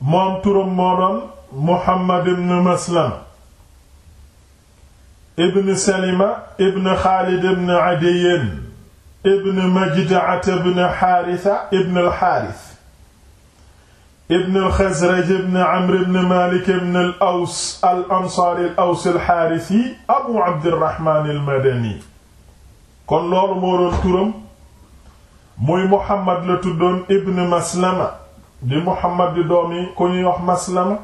moom turam moo doon Muhammad ibn Maslam ibn Salima ibn Xaalid ibn Adiyin ibn Majda'a ibn Xaarisa ibn al-Xaaris ibn al-Xasraj ibn Amr ibn Maalik ibn al-Aws al-Ansaari al-Aws al-Xaarisi Abu Abdirrahmaan al-Madani kon loolu moo doon turam muy Muhammad la tuddoon ibn Maslama di Muhammad di doomi ku ñuy wax Maslama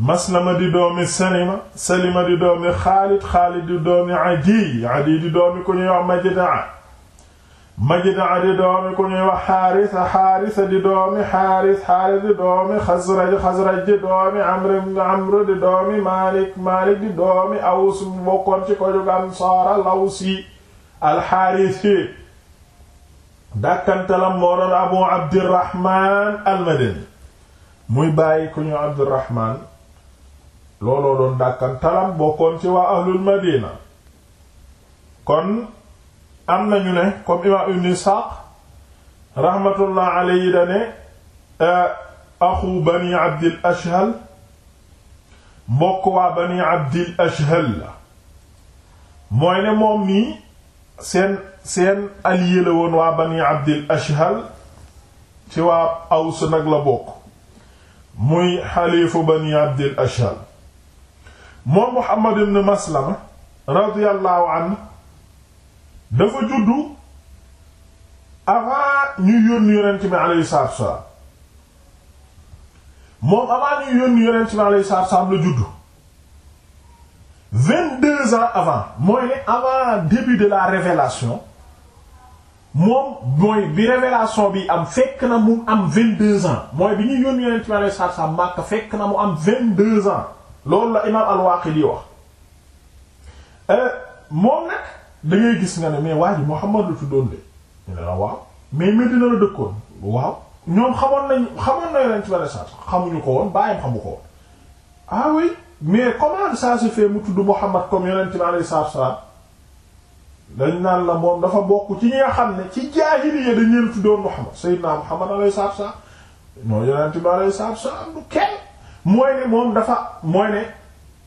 Maslama di doomi Salima Salima di doomi Xaalid Xaalid di doomi Adiy Adiy di doomi ku ñuy wax Majdaa Majdaa di doomi ku ñuy wax Xaarisa Xaarisa di doomi Xaaris Xaaris di doomi Xasraj Xasraj di doomi Amr ibn di doomi Maalik Maalik di ci ko jóg Ansaar al-Awsi al-Xaarisi dàkkantalam moo doon abu abdirahman almadani muy bàyyi ku ñu abdirahman looloo doon dàkkantalam bokkoon ci waa ahlul madina kon am nañu ne comme imam ibn isxaaq rahmatullah alayhi dane eh, axu bani abdil ashhal mbokk waa bani abdil ashhal la mooy ne moom nii seen seen allié la woon waa bani abdil ashhal ci waa aws nag la bokk muy xaliifu bani abdil ashhal moom muhammad ibn maslama radiyallahu anhu dafa juddu avant ñu yónni yonent bi alayhi salaatu wassalaam moom avant ñu yónni yonent bi la juddu deux ans avant mooy ne avant début de la révélation moom mooy bi révélation bi am fekk na mu am vingt deux ans mooy bi ñuy yónni yonent bi alayhi salaatu salaam fekk na mu am vingt deux ans loolu la imaam al-Waaqidi wax euh, moom nag da gis nga ne mais waa ji Muhammad la tuddoon de ñu ne la waaw mais Medina la dëkkoon waaw ñoom xamoon nañu xamoon na yonent bi alayhi salaatu xamuñu ko woon bàyyam xamu ko woon ah mais comment ça se fait mu tudd Muhammad comme yonent bi alayhi salaatu wa salaam dañ naan la moom dafa bokk ci ñi nga xam ne ci jaahiliya dañ leen tuddoon Muhammad Seydina Muhammad alayhi salaatu wa salaam non yonent bi salaam moom dafa mooy ne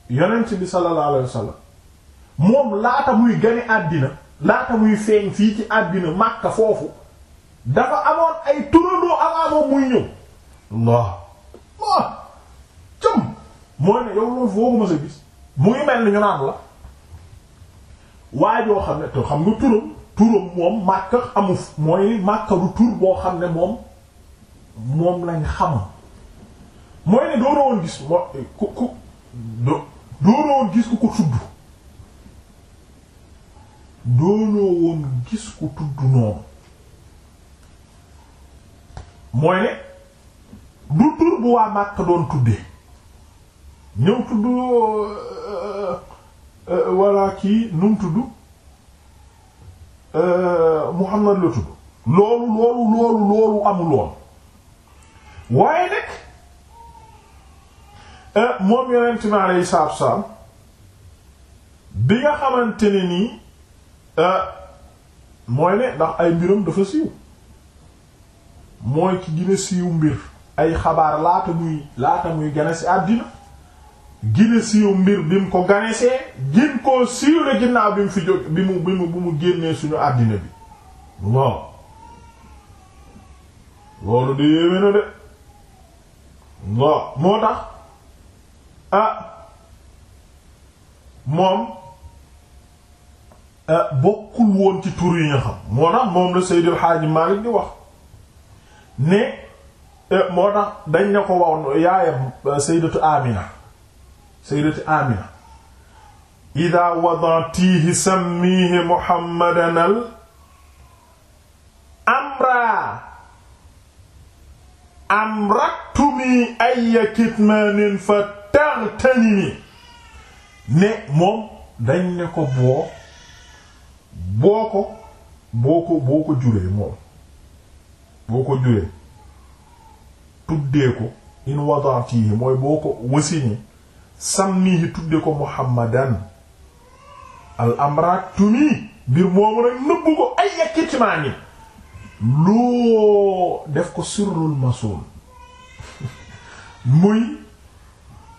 yonent bi sallallahu alayhi wa moom laata muy gane àddina laata muy feeñ fii ci àddina Makka foofu dafa amoon ay turandoo avant muy ñëw Allah mooy ne yow loolu foo ko mës a gis muy mel ni ñu la waaye joo xam ne te xam nga turam turam moom màkka amuf mooy boo xam ne moom lañ xam mooy ne woon gis mo ku ku doona doonoo woon gis ku tudd noonu mooy ne du tur bu waa màkk doon tuddee ñëw tudd walla euh, euh, euh, kii nu mu tudd Muhammad la tudd loolu loolu loolu loolu amul woon waaye nag moom yonent mi alayhi salaatu wa salaam bi nga xamante ne nii mooy ne ndax ay mbiram dafa siiw mooy ki gën siiw mbir ay xabaar laata muy laata muy gane ci àddina gine siiw mbir bi mu ko ganesee gin koo siiwle ginnaaw bi mu fi jóg bi mu bi mu bu mu génnee suñu àddina bi waaw loolu de yéeme na de waaw moo tax ah moom ah, bokkul woon ci tur yi nga xam moo tax moom la Seydil Hadji Malick di wax ne eh, moo tax dañ ne ko waw yaayam eh, Sayyidatu Amina sayyidati Amina ida wadatihi sammihi muhammadan al amra amraktumi ayya kitmanin fa tartanini ne moom dañ ne ko boo boo ko boo ko juree moom boo ko juree tuddee ko in wadatihi mooy boo ko wasiñi sammi sammihi tudde ko muhammadan al amraak tumi mbir moomu nag nëbb ko ay yakitmaani loo def ko sirrul masul muy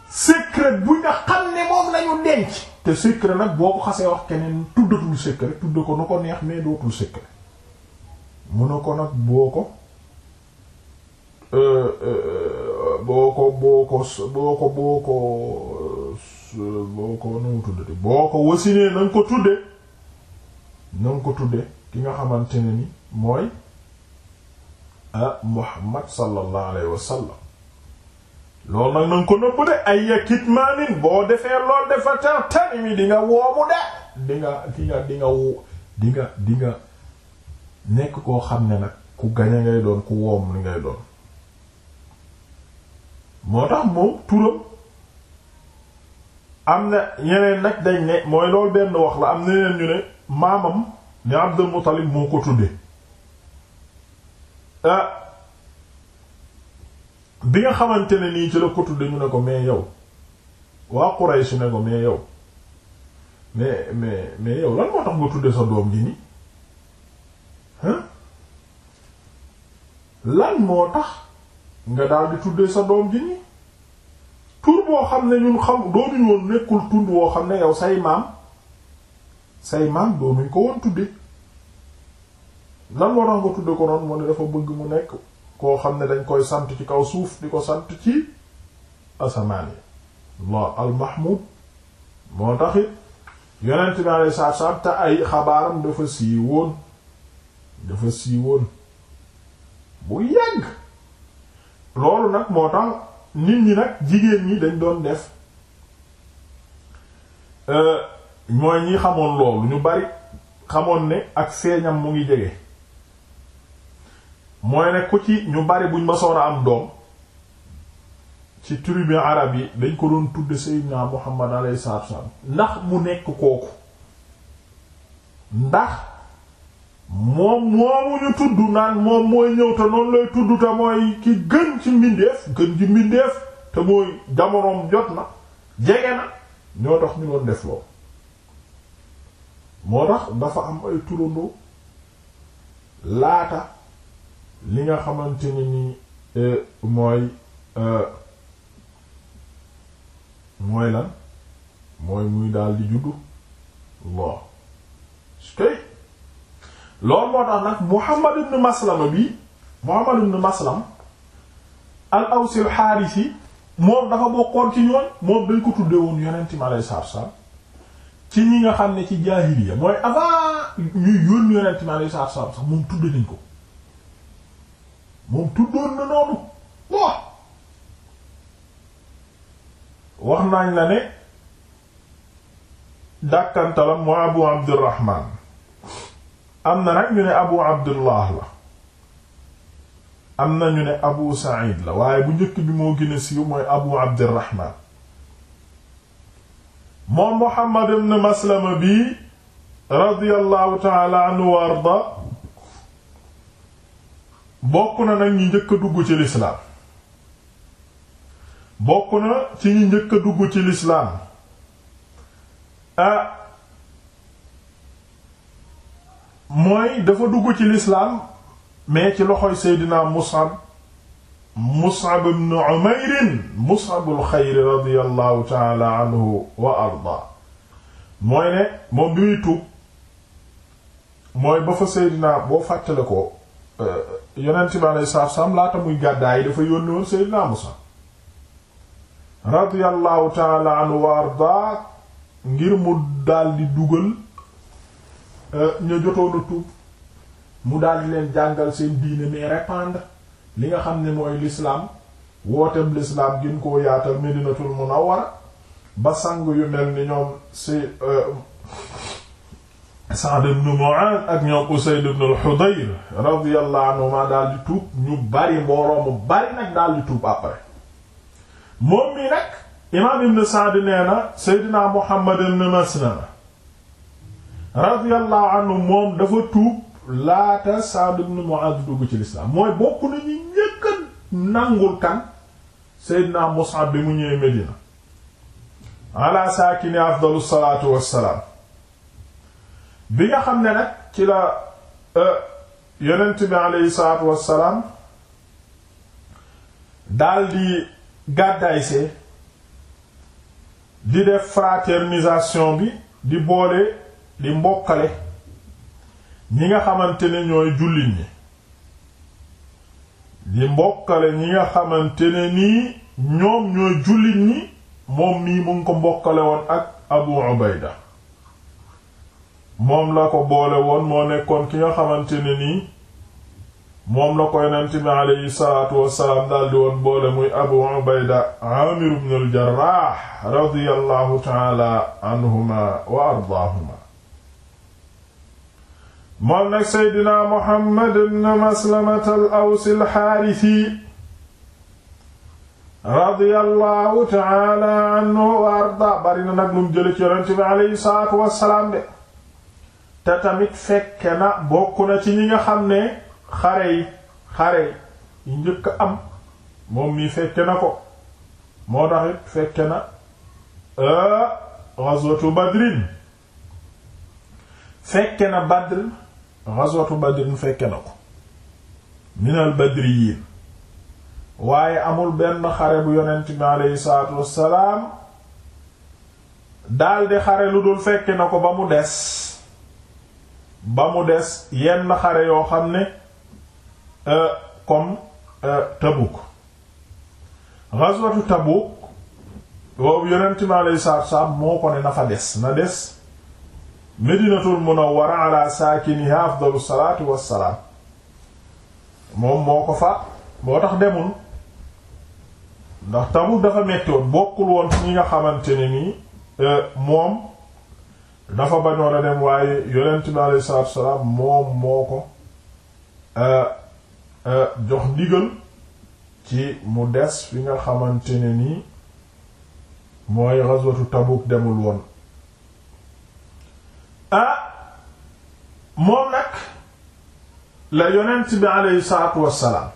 secret bu nga xam ne moom lañu denc te secret nag boo ko xasee wax keneen tuddatul secret tudde ko nu ko neex mais dootul secret mun na ko nag boo ko Euh, euh, euh, boo ko boo ko boo ko boo ko boo ko mu tuddati boo ko wasinee na ko tudde na ko tudde ki nga xamante ne ni mooy ah Muhammad sallallahu alayhi wa sallam nag na ko nëbb de ay yakitmaanin boo defee lool defa tar tani mi di nga woomu de di nga di nga di nga di nga nekk koo xam ne nag ku gañe ngay doon ku woom li ngay doon moo tax moom turam am na ñeneen nag dañ ne mooy loolu benn wax la am na ñeneen ñu ne maamam ni Abdul Muttalib moo ko tudde ah, bi nga xamante ne nii ci la ko tudde ñu ne ko mais yow waa Quraysh ne ko mais yow mais mais mais yow lan moo tax nga tudde sa doom ji nii lan moo tax nga daal di tuddee sa doom ji nii tur boo xam ne ñun xam doonuñ woon nekkul tund woo xam ne yow say maam say maam doonuñ ko woon tudde lan moo nga tudde ko noonu moo ne dafa bëgg mu nekk koo xam ne dañ koy sant ci kaw suuf di ko sant ci asamaan yi Allah al mahmud moo taxit yonent bi alei saatu salaam te ay xabaaram dafa siiwoon dafa siiwoon bu yàgg loolu nag moo tax nit ñi nag jigéen ñi dañ doon def euh, mooy ñi xamoon loolu ñu bari xamoon ne ak seeñam mu ngi jege mooy ne ku ci ñu bari buñ masoon a am doom ci tribu arab yi dañ ko doon tudd Seydina Muhammad alayhi salaatu wa ndax mu nekk kooku ndax moom moomu ñu tudd naan moom mooy ñëw te noonu lay tudd te mooy ki gën ci mbindeef gën ci mbindeef te mooy jamonoom jot na jege na ñoo tax ñu doon def lool moo tax dafa am ay turandoo laata li nga xamante ne ni eh, mooy eh, mooy lan mooy muy daal di juddu waaw. loolu moo tax nag Muhammad ibn Maslama bi Muhammad ibn Maslam al Awsi al Haarisi moom dafa bokkoon ci ñooñ moom dañ ko tuddee woon yonent mi alayhi salaatu salaam ci ñi nga xam ne ci jaahiliya mooy avant ñuy yónni yonent mi alayhi salaatu salaam moom tuddoon na noonu waaw wax nañ la ne dàkkantalam moo Abu Abdurrahman am na nag ñu ne abu abdullah la am na ñu ne abu sa'id la waaye bu njëkk bi moo gën a siiw mooy abu abdirahman moom muhammad ibn maslama bi radiyallahu taala anhu wa arda bokk na nag ñi njëkk dugg ci lislaam bokk na ci ñi njëkk dugg ci lislaam ah, mooy dafa dugg ci lislaam mais ci loxoy seydina Mus'ab Mus'ab ibn Umayr Mus'abul xayri radiyallahu taala anhu wa arda mooy ne moom bi muy tuub mooy ba fa seydina boo fàttale ko euh, yonent bi alei saatu salaam laata muy gàddaay dafa yónni woon seydina Mus'ab radiyallahu taala anhu wa arda ngir mu daldi dugal ña jotoon a mu daldi leen jàngal seen diine mais répandre li nga xam ne mooy lislaam wooteem l'islam gën koo yaatal Medinatul Munawwara ba sang yu mel ni ñoom si euh, Sa'd ibn Mu'adh ak ñoom Usayd ibn al-Hudayr radiyallahu anhuma daldi tuub ñu bari mbooloo bari nag daldi tuub après moom mi nag imaam ibn nee na Seydina Muhammad ibn Maslama radiyallahu anhu moom dafa tuub laata Sa'd ibn Mu'adh dugg ci lislaam mooy bokk nañu ñëkk nangul kan Seydina Mus'ab bi mu ñëwee Medina ala saakini afdalu salaatu wassalaam bi nga xam ne nag ci la euh, yonent bi aleyhi salaatu wassalaam daldi gàddaay see di def fraternisation bi di boole di mbokkale ñi nga xamante ne ñooy jullit ñi di mbokkale ñi nga xamante ne nii ñoom ñooy jullit ñi moom mii mu ngi ko mbokkale woon ak Abu Ubayda moom la ko boole woon moo nekkoon ki nga xamante ne nii moom la ko yonent bi aleyhi salaatu wassalaam daldi woon boole muy Abu Ubayda Aamir ibn al-Jarrah radiyallahu wa ardaahuma moom nag seydina Muhammad ibn Maslamat al-Aws al-Haarisi ta'ala anhu arda bari na nag lum jële ci yonent bi aleyhi salaatu wassalaam de te tamit fekke na bokk ci ñi nga xam ne xare yi yi njëkk am moom mi fekke na ko moo tax it fekke na ghazwatu Badrin fekke na Badr ghazwatu badrin fekke na ko minal badriyin waaye amul benn xare bu yonent bi aleyhi salaatu wassalaam daldi xare lu dul fekke na ko ba mu des ba mu des yenn xare yoo xam ne euh, comme euh, Tabuk ghazwatu Tabuk boobu yonent bi aleyhi salaatu wassalaam moo ko ne na fa des na des medinatul munawwara ala saakiniha afdalu salaatu wassalaam moom moo ko fa boo tax demul ndax Tabuk dafa mettoon bokkul woon fi nga xamante ne nii euh, moom dafa bañoon dem waaye yonent bi alayhi salaatu wassalaam moom moo ko euh, euh, jox ndigal ci mu des fi nga xamante ne nii mooy ghazwatu Tabuk demul woon ah moom nag la yonent bi aleyhi salaatu wassalaam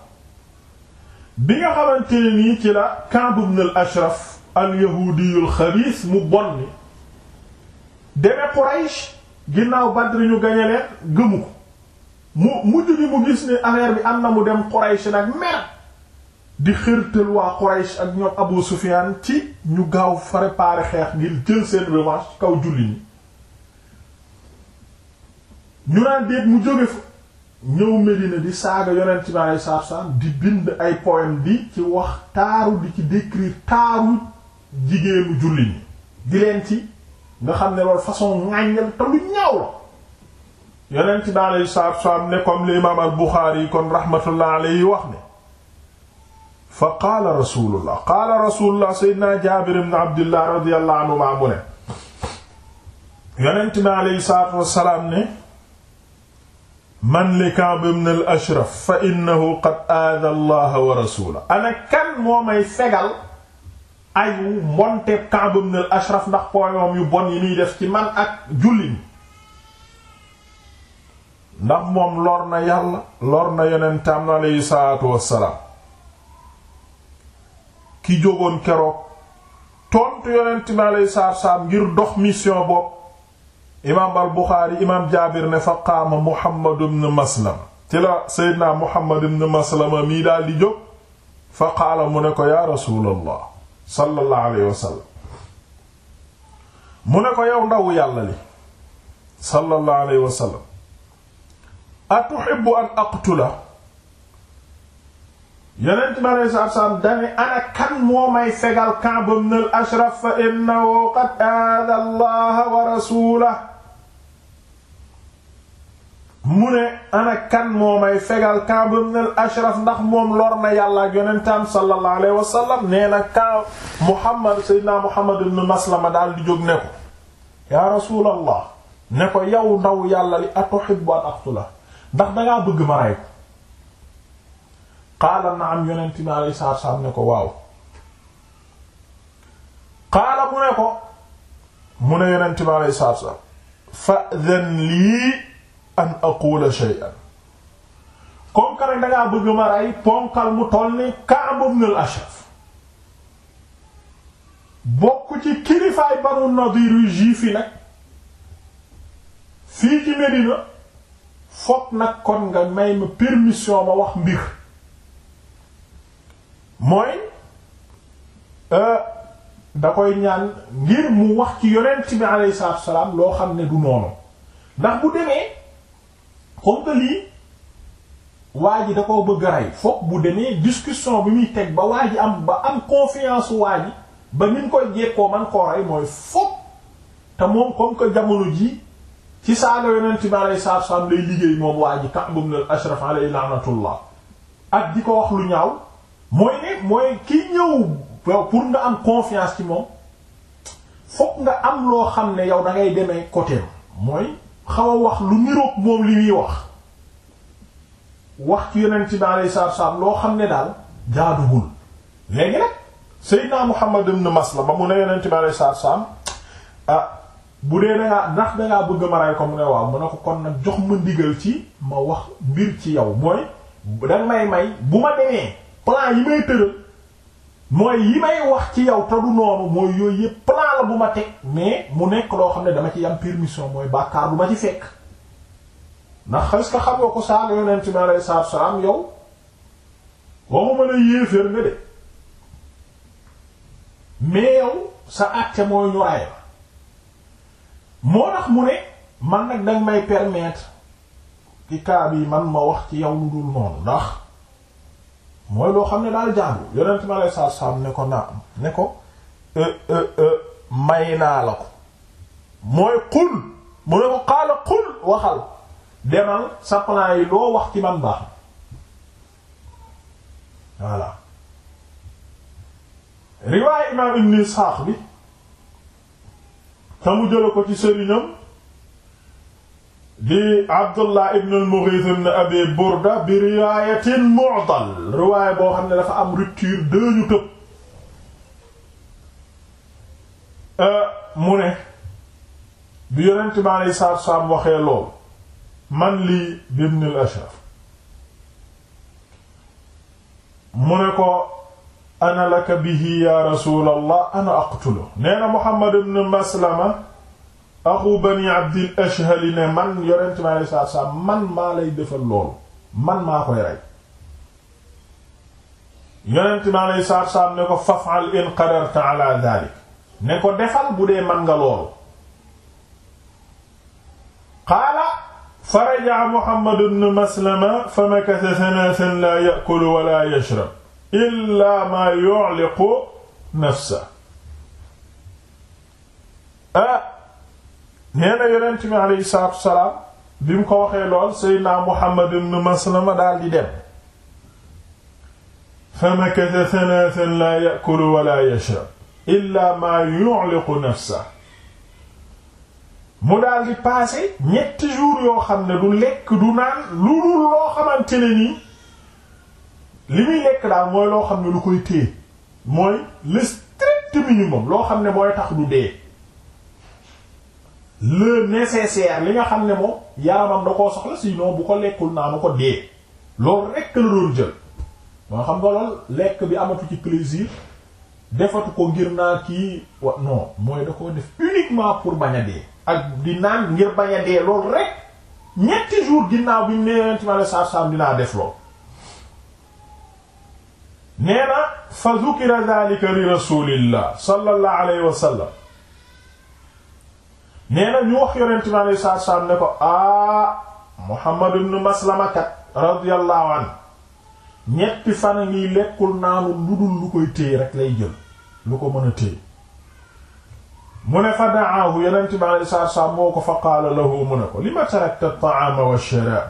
bi nga xamante nii ci la Ka'b ibn al-Ashraf al-yahuudiyul mu bon ni deme Quraysh ginnaaw Badr ñu gañe leen gëmu ko mu mujj bi mu gis ne affaire bi am na mu dem Quraysh nag mer di xërtal waa Quraysh ak ñoom Abu Sufyaan ci ñu gaaw préparer xeex ngir jël seen revanche kaw julli ñi ñu naan déet mu jóge fa ñëw Medina di saaga yonent bi ay poème di ci wax taaru di ci décrire taaru jigéenu julli ñi di leen ci nga xam ne loolu façon ŋàññal te lu ñaaw la yonent bi alei saatu salaam ne comme l'imam al-Bukhari kon rahmatullah wax ne fa qaala rasulullah qaala rasulullah sayyidina Jaabir ibn Abdullah radiyallahu anhu maa mu bi aleyhi salatu wasalaam ne man li Ka'b ibn al-Ashraf fa innahu qad aada wa rasulahu ana kan moo may fegal ayu mbonte Ka'b ibn ashraf ndax pooyoom yu bon yi muy def ci man ak julliñ ndax moom lor na yàlla lor na yonentam alayhi salaatu wassalaam ki jógoon keroog tontu yonent mi alayhi salaatu wassalaam ngir dox mission bopp imaam al buxaari imaam jaabir ne fa qaama muhammadu bnu maslam ci la seydinaa muhammad bnu maslama mii daal di jóg fa qaala mu ne ko yaa rasuulallah sallallahu alayhi wa sallam mu ne ko yow ndaw yàlla li sallallahu alayhi wa sallam atuhibbu an aqtula yonent mi alayhi salaatu salaam dane ana kan moo may fegal Ka'b ibn al-Ashraf fa innahu qad aada allaha wa rasulahu mu ne ana kan moo may fegal Kaab ibn al-Ashraf ndax moom lor na yàlla ak yonentam sallallahu alayhi wa sallam nee na Kaab Muhammad Seydina Muhammad ibn Maslama daal di jóg ne ko yaa rasuulallah ne ko yow ndaw yàlla li atuhibbu an aqtula ndax dangaa bëgg ma rey ko qaala na'am yonent bi alayhi salaatu salaam ne ko waaw qaala mu ne ko mu ne yonent bi alayhi salaatu salaam fa'dhan lii an aqula shay'an comme que nag dangaa bëgg ponkal mu toll ni Ka'b ibn ashraf bokk ci kilifaay Banu Nadir yu juif yi nag fii ci Medina fokk nag kon nga may ma permission ma wax mbir mooy euh, da koy ñaan ngir mu wax ci yonent bi alayhi salaam loo xam ne du noonu ndax bu demee comme que lii waa ji da koo bëgg rey foog bu demee discussion bi muy teg ba waa ji am ba am confiance waa ji ba ni koy jekkoo man koo rey mooy foog te moom comme que jamono ji ci saaga yonent bi aleyhi salaatu salaam lay liggéey moom waa ji Ka'b ibn al-Ashraf alayhi la'natullah ak di ko wax lu ñaaw mooy ne mooy ki ñëw pour nga am confiance ci moom foog nga am loo xam ne yow da ngay demee côté mooy xaw a wax lu niroog moom li muy wax wax ci yonent bi alayhi salaatu salaam loo xam ne daal jaaduwul léegi nag Seydina Muhammad ibn Maslama ba mu ne yonent bi alayhi salaatu salaam ah bu dee dangaa ndax dangaa bëgg ma rey ko mu ne waaw mu ne ko kon nag jox ma ndigal ci ma wax mbir ci yow mooy danga may may bu ma demee plan yi may tëral mooy yi may wax ci yow te du noonu mooy yooyu yépp plan bàkkaar bu ma teg mais mu nekk loo xam ne dama ci am permission mooy bàkkaar bu ma ci fekk ndax est-ce que xam ko saaga yonent mi alayhi salaatu wa yow waxuma la yéeféer mais yow sa àtte mooy ñu aay moo tax mu ne man nag danga may permettre ci cas bi man ma wax ci yow lu dul noonu ndax mooy loo xam ne daal jaagu yonent mi alayhi salaatu wa ne ko naa ne ko. Euh, euh, euh, may naa la ko mooy xul mu ne ko xaala xul waxal demal sa plan yi loo wax ci man baax voilà riwaay imaam ibn Isxaaq bi te mu jëla ko ci sëriñam di Abdullah ibn al ibn Abi Burda bi riwaayatin mu'dal riwaay boo xam ne dafa am rupture deux Euh, mu ne bi yonent bi aleyhi salaatu salaam waxee lool man lii ibn al Ashraf mu ne ko ana laka bihi ya rasuulallah ana aqtulu nee na Muhammad ibn Maslama axu bani Abdil Ashhal ne man yonent bi aleyhi salaatu salaam man maa lay defal loolu man maa koy rey yonent bi aleyhi salaatu salaam ne ko faf'al in qadarta ala dhalik ne ko defal bu dee man nga loolu qaala fa rajaa Muhammad ibn Maslama fa makatha thalathan laa ya'kulu wa laa yashrab illaa maa yu'liqu nafsa ah nee na yonent mi aleyhi salaatu wasalaam bi mu ko waxee lool Seydina Muhammad ibn Maslama daal di dem fa makatha thalathan laa ya'kulu wa laa yashrab illa ma yu'liqu nafsa mu daal di passé ñetti jours yoo xam ne du lekk du naan lu dul loo xamante ne li muy lekk daal mooy loo xam ne lu koy téye mooy le minimum loo xam ne mooy tax du dee le nécessaire li nga xam ne moo yaramam da koo soxla sinon bu ko lekkul naanu ko dee loolu rekk la doon jël moo xam nga lool lekk bi amatu ci plaisir defatu ko ngir naa kii wa non mooy da koo def uniquement pour bañ ak di naan ngir bañ a rek ñetti jours ginnaaw bi mu nee yonent mi alei satu salaam dinaa def lool nee na fa zukira zalika li rasulillah sallallahu alayhi wa sallam nee na ñu wax yonent mi alei ne ko a ah, Muhammad ibn Maslama kat radiyallahu ñetti fan a lekkul naanul lu dul lu koy téye rek lay jël lu ko mën a téye mu ne fa da'aahu yonent bi alayhi ko fa qaala lahu mu ne ko lima tarakta at wa sharaab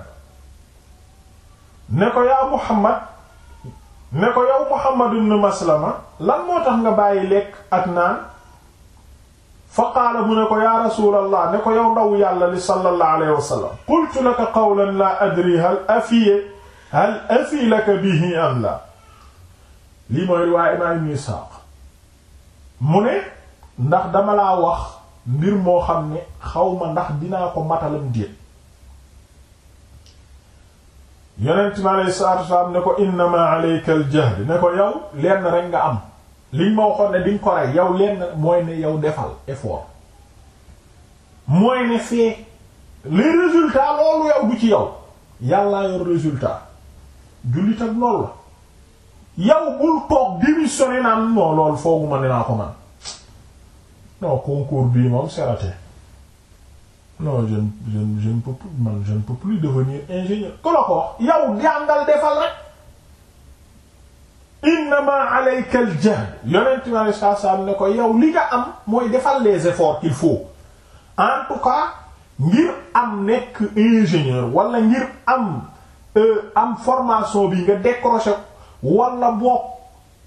ne ko yaa Muhammad ne ko yow Muhammad ibn Maslama lan moo tax nga bàyyi lekk ak fa qaala mu ne ko yaa rasuulallah ne ko yow ndaw yàlla li sallallahu alayhi wa qultu laka qawlan laa adrii hal afiyee hal asilaka bihi am la lii mooy riwaay imaam Ibn Isaaq mu ne ndax dama laa wax mbir moo xam ne xaw ma ndax dinaa ko matalam déet yonent mi alayhi salaatu wasalaam ne ko innama alayka al jahd ne ko yow lenn rek nga am liñ ma waxoon ne diñ ko rey yow lenn mooy ne yow defal effort mooy ne fee les résultats loolu yow bu ci yow yàllaa yor résultat jullit ak loolu la yow bul toog démissionné naan non loolu fooguma ne naa ko man non concours bii moom c'est raté non je je je ne peux plus man je ne peux plus devenir ingénieur ku la ko wax yow jàngal defal rek innama alayka al jahd yonent mi alei satu salaam ne ko yow li nga am mooy defal les efforts qu'il faut en tout cas ngir am nekk ingénieur wala ngir am Euh, am formation bi nga décroché wala boog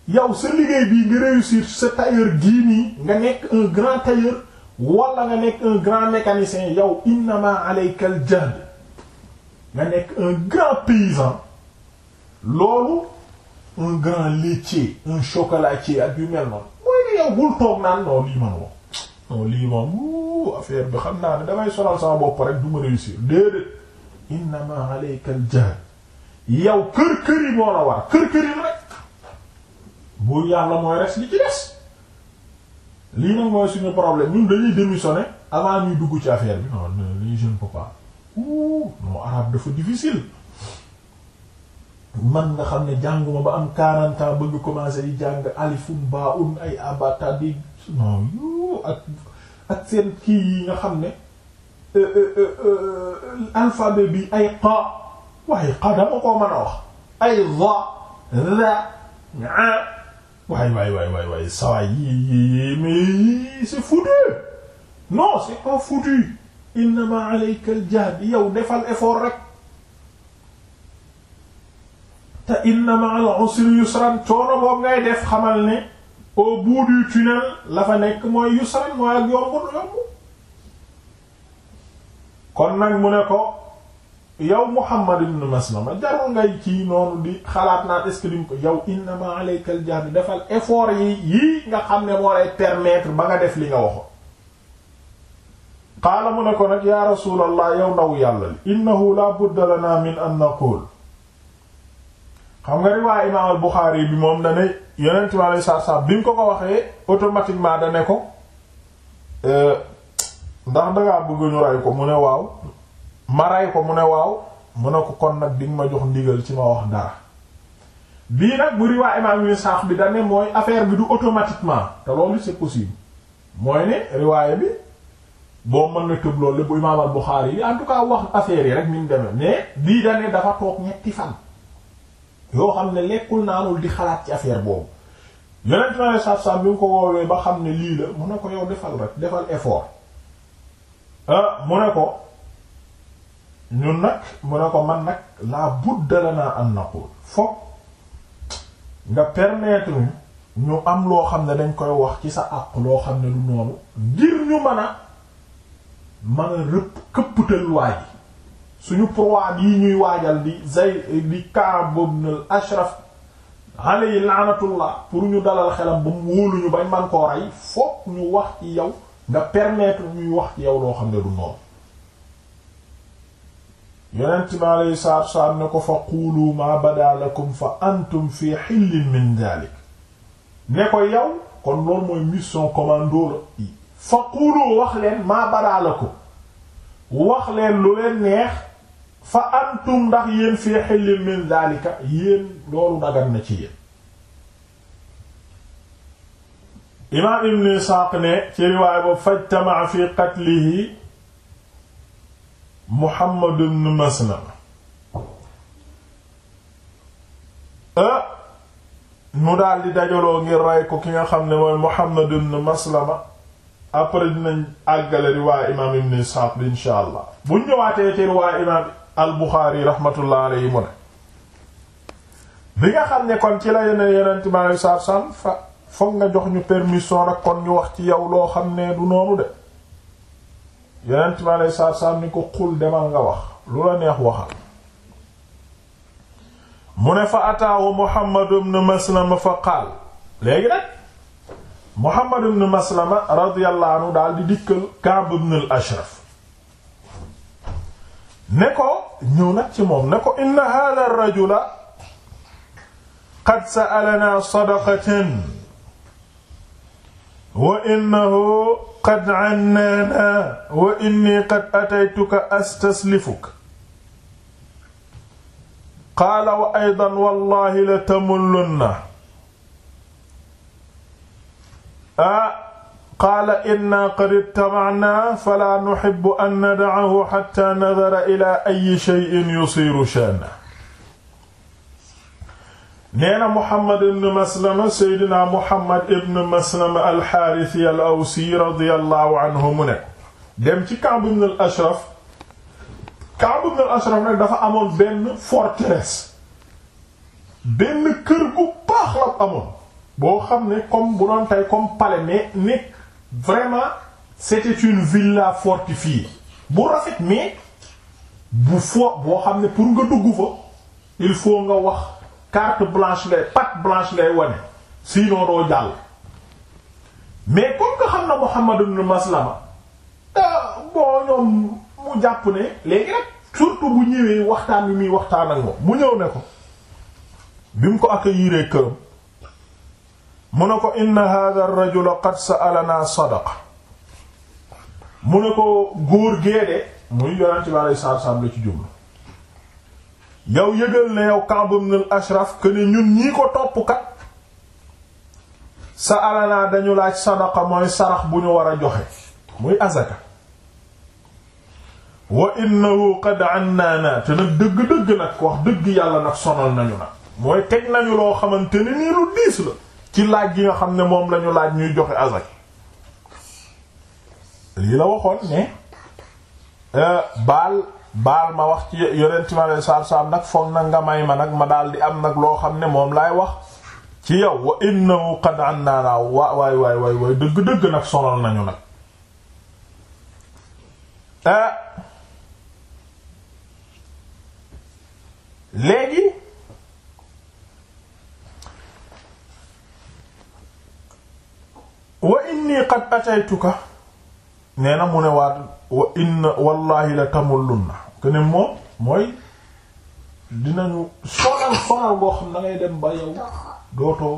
yow sa liggéey bi nga réussir sa tailleur gii nii nga nekk un grand tailleur wala nga nekk un grand mécanicien yow innama alayka jahd nga nekk un grand paysan loolu un grand laitier un chocolatier ak yu mel noonu mooy yow bul toog naan non lii man moom non lii moom affaire bi xam naa ne damay sonal sama bopp rek du ma réussir déedéet innama alayka al yow kër kër yi moo la war kër kër yi rek buur yàlla mooy res li ci des lii nag mooy suñu problème ñun dañuy démissionner avant ñuy dugg ci affaire bi non non je ne peux pas ouh dafa difficile man nga xam ne jànguma ba am 40 ans bëgg commencer di jàng alifum baa un ay abata di non ak ak seen kii yi nga xam ne. Euh, euh, euh, alphabet bi ay qaa waaye qaa dama koo mën a ay za za ñaa waay waay waay waay waay sawaay yi mais c'est foutu non c'est pas foutu innama alayka al jahd yow defal effort rek te inna ma al usri yusran coono boobu ngay def xamal ne au bout du tunnel la fa nekk mooy yusran mooy ak yomb yomb kon nag mu ne ko yow Muhammad ibn Maslama jarul ngay kii noonu di xalaat naa est ko yow innama alayka al defal effort yi yii nga xam ne moo lay permettre ba nga def li nga waxoon qaala mu ne ko nag ya rasulallah yow ndaw yàlla li innahu la budda lana min an naqul xam nga riwaay imaam al-Buxaari bi moom dane yonent mi alei satu selaam bi ñu ko ko waxee automatiquement ne ko euh, ndax dangaa bëgg ñu rey ko mu ne waaw ma rey ko mu ne waaw mu ne ko kon nag dinga ma jox ndigal ci ma wax dara bii nag bu riwaa imaam yu saax bi dane mooy affaire bi du automatiquement te loolu c'est possible mooy ne riwaayé bi boo mën na tëb loolu bu imaam al-Buxaari yi en tout cas wax affaire yi rek ni mu demee mais bii dane dafa toog ñetti fan yoo xam ne lekkul naanul di xalaat ci affaire boobu yeneen tnale sab-sam bi nga ko woowee ba xam ne lii la ko yow defal Ah, mu ne ko ñun nag mu ne ko man nag laa budda lanaa an naqul fokk nga permettre ñu am loo xam ne dañ koy wax ci sa àq loo xam ne lu noonu ngir ñu mën a rëpp këpptal waaj suñu proie yi ñuy waajal di zay di Ka'b ibn al-Ashraf alayhi laanatullah pour ñu dalal xelam ba mu wóolu ñu man koo rey fokk ñu wax ci yow nga permettre muy wax ci yow loo xam ne du noonu yonent bi aleyhi salaatu salaam ne ko fa quulu ma bada lakum fa antum fi xillin min dalik ne ko yow kon loolu mooy mission commando la fa quulu wax leen ma bada lakum wax leen lu leen neex fa antum ndax yéen fi xillin min dalika yéen loolu dagan na ci yéen imaam ibn Isxaaq ne ci riwaay boobu fajtama fi qatlihi Muhammad Maslama ah, mu daldi dajaloo ngir rey ko ki nga xam ne mooy Muhammad ibn Maslama après dinañ àggale riwaay imaam ibn Isxaaq bi insha allah bu ñëwaatee ci riwaay imaam al-Buxaari raxmatullahi alayhi mu ne bi nga xam ne kon ci la yeneen yeneen ci maanaam saab saam foog nga jox ñu permission rek kon ñu wax ci yow loo xam ne du noonu de yeneen mi ni ko xul demal nga wax lu la neex waxal mu ne fa ataawu Muhammad ibn Maslama fa qaal léegi nag Muhammad ibn Maslama radiyallahu daal di dikkal Ka'b ibn al-Ashraf ne ko ñëw nag ci moom ne ko inna hadha ar-rajula qad sa'alana sadaqatan wa innahu qad annaana wa inni qad ataytuka astaslifuk qaala wa aydan wallahi la tamullunna a qaala inna qad ijtama'naa falaa nuhibbu an nada'ahu hatta nadhara ilaa ayyi shay'in yusiiru shaanahu nee na Muhammad ibn Maslama Seydina Muhammad ibn Maslama al-Haarisi al-Awsi radiyallahu anhu mu ne dem ci Ka'b ibn al-Ashraf Ka'b ibn al-Ashraf nag dafa amoon benn forteresse benn kër gu baax la amoon boo xam ne comme bu doon tey comme palais mais ne vraiment c'était une villa fortifiée bu rafet mais bu fo boo xam ne pour nga dugg fa il faut nga wax carte blanche ngay patte blanche lay wane sinon doo jàll mais comme que xam na Muhammad ibn Maslama ah, boo ñoom mu jàpp ne léegi rek surtout bu ñëwee waxtaan bi muy waxtaan ak moom mu ñëw ne ko bi mu ko accueillir këram mu ne ko inna hadha ar-rajul qad sa'alana sadaqa mu ne ko góor géede muy yonent bi alayhi salaatu wa salaam la ci jublu yow yëgal na yow Ka'b ibn ashraf que ne ñun ñii ko topp kat sa alanaa dañu laaj sadaqa mooy sarax bu ñu war a joxe muy azaka wa innahu qad annaana te nag dëgg-dëgg nag wax dëgg yàlla nag sonal nañu nag mooy teg nañu loo xamante ni nii lu diis la ci laaj yi nga xam ne moom lañu laaj ñuy joxe azaka lii la waxoon ne euh, baal baal ma wax ci yonent mi alei saatu salaam nag foog nag nga may ma nag ma daal di am nag loo xam ne moom laay wax ci yow wa innahu qad annaana wa waay waay waay waay dëgg nañu nag ah. léegi wa inni qad nee na mu ne waat wa inna wallahi la tamullunna que ne moom mooy dinañu sonal sonal boo xam da ngay dem ba yow dootoo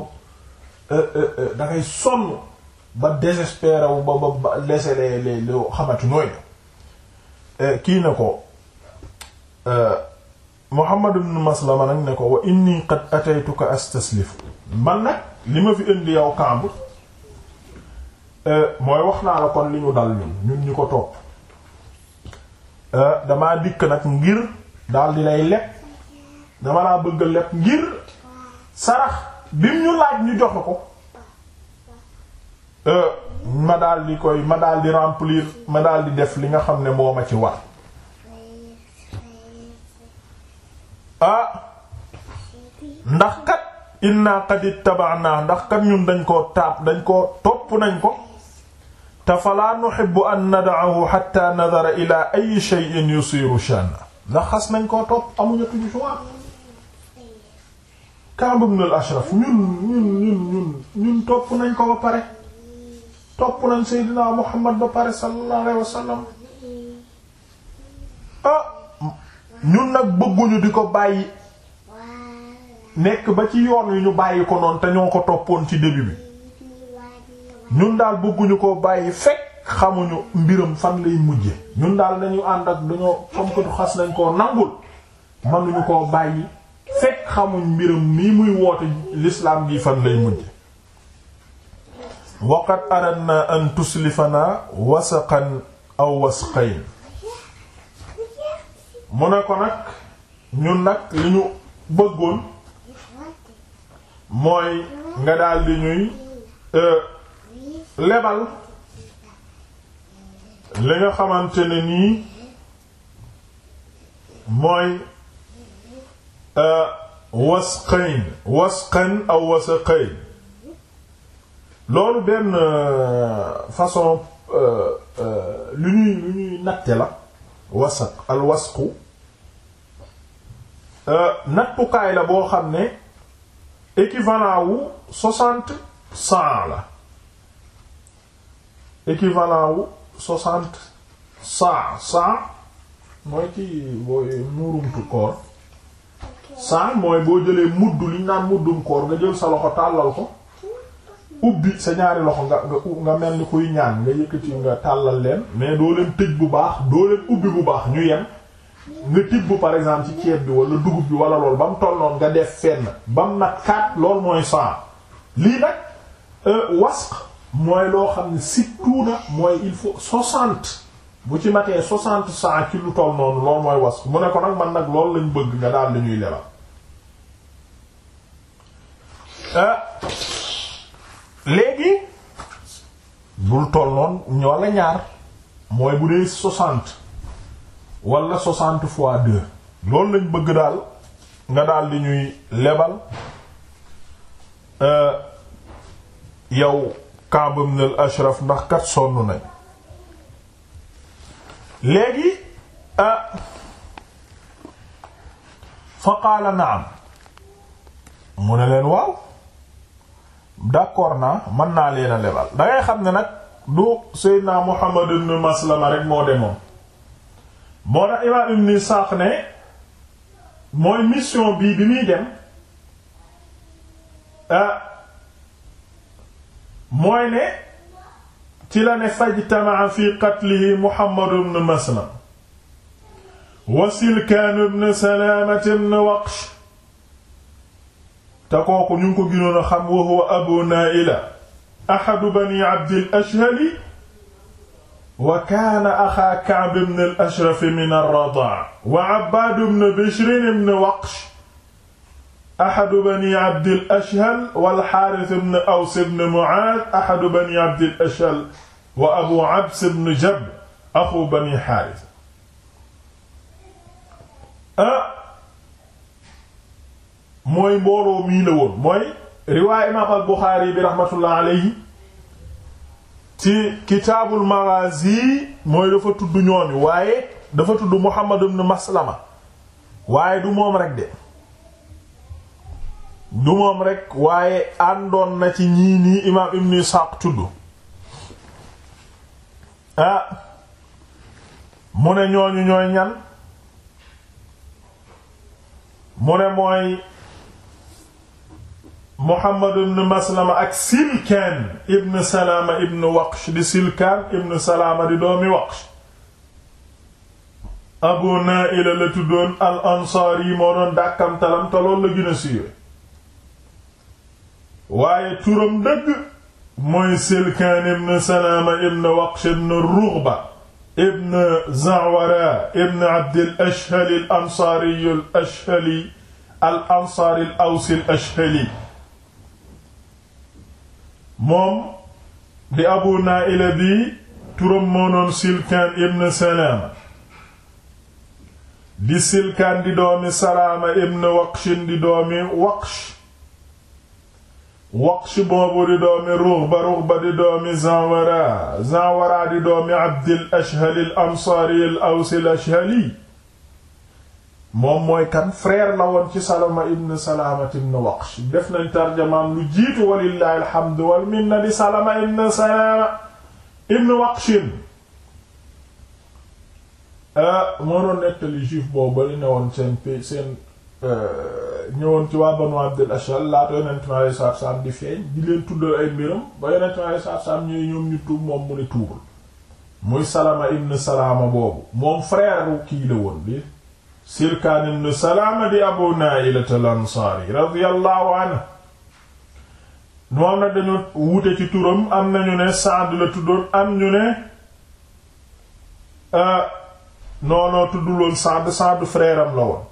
euh, euh, euh, da sonn ba désespéré wu ba ba ba laisser les les loo xamante nooy kii na ko Muhammad ibn Maslama nag ne ko wa inni qad ataytuka astaslif man nag li ma fi indi yow Kaab mooy wax naa la kon li ñu dal ñun ñun ñu ko topp Euh, damaa dikk nag ngir daal di lay leb dama laa bëgg a ngir sarax bi mu ñu laaj ñu jox ko euh, ma daal di koy ma daal di remplir ma daal di def li nga xam ne moo ma ci war ah ndax kat inna qad ittaba'na ndax kat ñun dañ koo taab dañ koo topp nañ ko te falaa nuhibbu an nada'ahu hatta nadara ila ay shay'in yusiru sha'na ndax xas nañ koo topp amuñu tuñu choix Ka'b ibn al-Ashraf ñun ñun ñun ñun topp nañ ko ba pare topp nañ Seydina Muhammad ba pare sallallahu alayhi wasallam ah ñun nag bëgguñu di ko bàyyi nekk ba ci yoon wi ñu bàyyi ko noon te ñoo ko toppoon ci début bi ñun daal bëgguñu ko bàyyi fekk xamuñu mbiram fan lay mujje ñun daal nañu ànd ak dañoo comme que xas nañ koo nangul mënuñu koo bàyyi fekk xamuñ mbiram nii muy woote lislaam gi fan lay mujje waqad aradna an tuslifana wasaqan aw wasqayn mu ne ko nag ñun nag li ñu bëggoon mooy nga daal di ñuy euh, lebal li nga xamante ne nii mooy euh, wasqayn wasqan aw wasaqayn loolu benn euh, façon euh, lu ñuy lu ñuy natte la wasaq al wasqu nattukaay la boo xam ne équivalent wu soixante cent la équivalent wu soixante saa saa mooy ci booy muurumtu koor saa mooy boo jëlee mudd li ñu naan muddum koor nga jël sa loxo tàllal ko ubbi sa ñaari loxo nga nga nga mel ni kuy ñaan nga yëkkati nga tàllal leen mais doo leen tëj bu baax doo leen ubbi bu baax ñu yem nga bu par exemple ci ceeb bi wala dugub bi wala lool ba mu tolloon nga def fenn ba nag kaat lool mooy saa lii nag euh, wasq mooy loo xam ne sittuuna mooy il faut soixante bu ci matee soixante saa ci lu toll noonu loolu mooy was mu ne ko nag man nag loolu lañ bëgg nga daal lañuy lebal euh, léegi bul toll noonu ñoo ñaar mooy bu dee soixante wala soixante fois deux loolu lañ bëgg daal nga daal li ñuy lebal euh, yow Kaab ibn ashraf ndax kat sonn nañ léegi ah, fa qaala naam mu ne leen waaw d'accord naa mën naa leen lebal dangay xam ne nag du Seydina Muhammad ibn Maslama rek moo demoon moo tax imaam ibn Isaaq ne mooy mission bii bi muy dem ah, mooy ne ci la ne fajtamaa fi qatlihi Muhammad ibn Maslam wa Silkaan ibn Salaamat ibn Waqsh te kooku ñu ngi ko gënoon a xam wa huwa Abu Naa'ila ahadu bani Abdil Ashhali wa kaana axaa Ka'b ibn al-Ashraf min ar-Radaa' wa Abbaad ibn Bishr ibn Waqsh ahadu bani abdil ashhal wal xaaris ibn aws ibn muaaz ahadu bani abdil ashhal wa abu abs ibn jab axu bani xaaris ah mooy mbooloo mii la woon mooy riwaay imaam al buxaari bi raxmatullah aleyhi ci kitaabul maghazi mooy dafa tudd ñooñu waaye dafa tudd muhammad ibn maslama waaye du moom rek de du moom rek waaye àndoon na ci ñii nii imaam ibn Isaaq tudd mu ne ñooñu ñooy ñan mu ne mooy Muhammad Maslama ak Silkaan ibn Salaama ibn Waqsh di Silkaan ibn Salaama di doomi Waqsh Abu Naa'ila la tuddoon al ansaar yi moo doon dàkkamtalam te la gën siiwe waaye turam dëgg mooy silkaan ibn salaama ibn waqsh ibn rughba ibn zawara ibn abdil ashhali al ansaari al moom di abu naila bi turam moo silkaan ibn salaama di silkaan di di doomi waqsh waqsh boobu di doomi ruxba ruxba di doomi zanwara zanwara di doomi abdil ashhali al ansaari al awsi kan frère la woon ci salama ibn salaamat ibn waqsh def nañ tarjamaam lu jiitu walillahi alhamdu wal minna di salama ibn salama ibn waqshin ah, moo doon nettali juif boobu bali ne woon seen seen Euh, ñëwoon ci waa banu Abdul Ashal laata yonent mi alayhi salaatu salaam di feeñ di leen tuddal ay mbiram ba yonent mi alayhi salaatu salaam ñooy ñoom ñu tuub moom mu ne tuubul muy Salama ibn Salama boobu moom frère kii la woon bi Sirkaan ibn Salama di Abu Naa'ila al-Ansaari radiyallahu anhu moom nañu ne Saad la tuddoon am ñu ne euh, noonoo tudduloon Saad Saad frère am la woon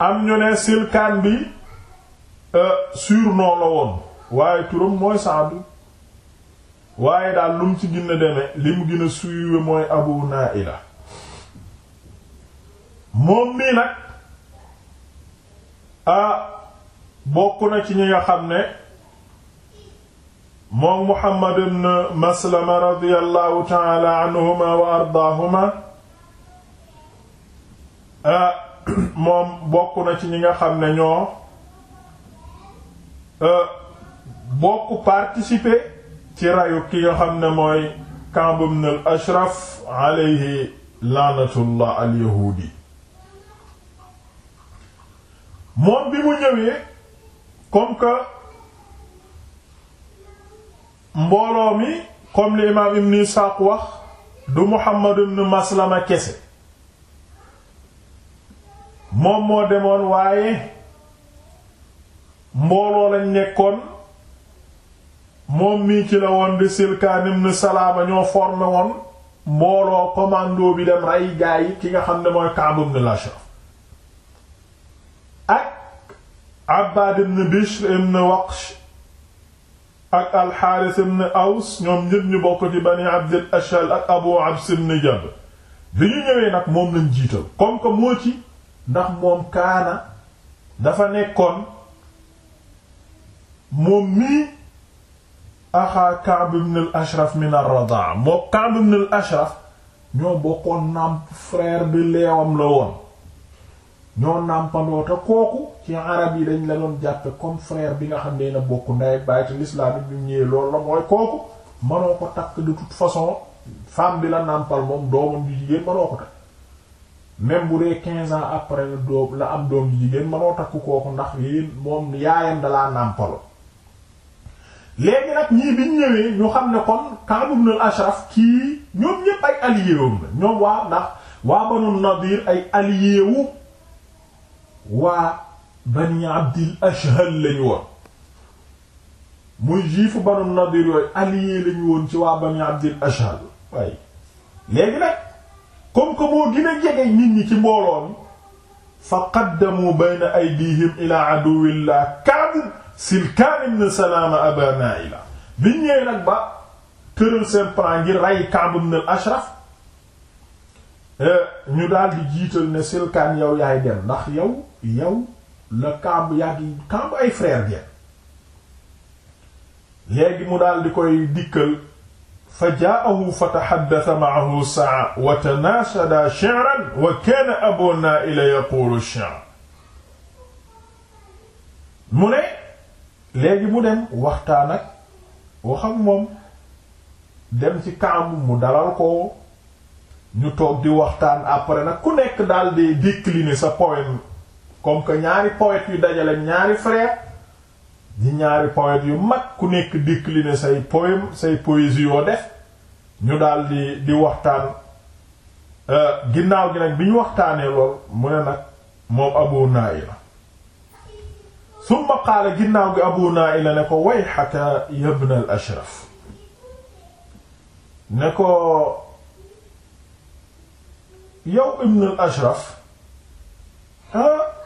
am ñu ne silkaan bi euh, surnom la woon waaye turam mooy Saadu waaye daal lu ci gën deme li mu gën a suiwe mooy Abu Naila moom nii nag a na ci ñi nga xam ne moom Muhammad ibn Maslama radiyallahu ta'ala wa ardaahuma moom bokk na ci ñi nga xam ne ñoo euh, bokk participer ci rayu ki nga xam ne mooy Kaab ibn al Ashraf alayhi laanatullah al yahuudi moom bi mu ñëwee comme que mbooloo mi comme l'imam ibn Isaaq wax du Muhammad ibn Maslama kese moom moo demoon waaye mbooloo lañ nekkoon moom mii ci la woon di Silkaan ibn Salaama ñoo formé woon mbooloo commando bi dem rey gaay ki nga xam ne mooy Ka'b ibn Ashraf ak Abbaad ibn Bishr ibn Waqsh ak Al-Haaris Aws ñoom ñépp ñu bokk ci Bani Abdil Ashhal ak Abu Abs ibn Jab bi ñu ñëwee nag moom lañ jiital comme que moo ci ndax moom kaana dafa nekkoon moom mii axaa Ka'b ibn al-Ashraf min ar-radaa moo Ka'b ibn al-Ashraf ñoo bokkoon nàmp frère bi leewam la woon ñoo nàmpandoo te kooku ci arab yi dañ la doon jàppe comme frère bi nga xam ne na bokk ndey baay te l'islam bi ñëwee loolu la mooy kooku mënoo ko takk de toute façon femme bi la nàmpal moom doomam ju jigéen mënoo ko takk même bu dee quinze ans après la am doom ji jigéen mënoo takk kooku ndax yéen moom yaayam dalaa nàmpalo léegi nag ñii biñ ñëwee ñu xam ne kon Ka'b ibn al-Ashraf kii ñoom ñépp ay allié woon la ñoom waa ndax waa Banu Nadir ay allié waa Bani Abdil Ashhal lañu woon muy juifu Banu Nadir yooyu allié lañu woon ci waa Bani Abdil Ashhal waaye léegi nag comme que moo gën jege nit ñi ci mbooloo mi fa qaddamu bayna aydihim ila aduwillah Kaab Silkaan ibn Salaama Abaa Naa'ila biñ ñëwee nag ba tëral seen plan ngir rey Kaab ibn ashraf eh, ñu daal di jiital ne Silkaan yow yaay dem ndax yow yow la Kaab yàgg Kaab ay frère gen léegi mu daal di koy dikkal fa jaahu fa taxaddasa maahu saa wa tanaashadaa shi'ran wa kaana abunaa ila yaquulu shi'r mu ne léegi mu dem waxtaan ak waxam moom dem ci kaamu mu dalal ko ñu toog di waxtaan après nag ku nekk daal di décliner sa poème comme que ñaari poète yu dajale ñaari frère ñi ñaari poète yu mag ku nekk décliner say poème say poésie yoo def ñu daal di waxtaan euh, ginnaaw gi nag bi ñu waxtaanee lool mu ne nag moom Abu Naila summa qaala ginnaaw gi Abu Naila ne ko wayhaka yabna al Ashraf ne ko yow ibn Ashraf ah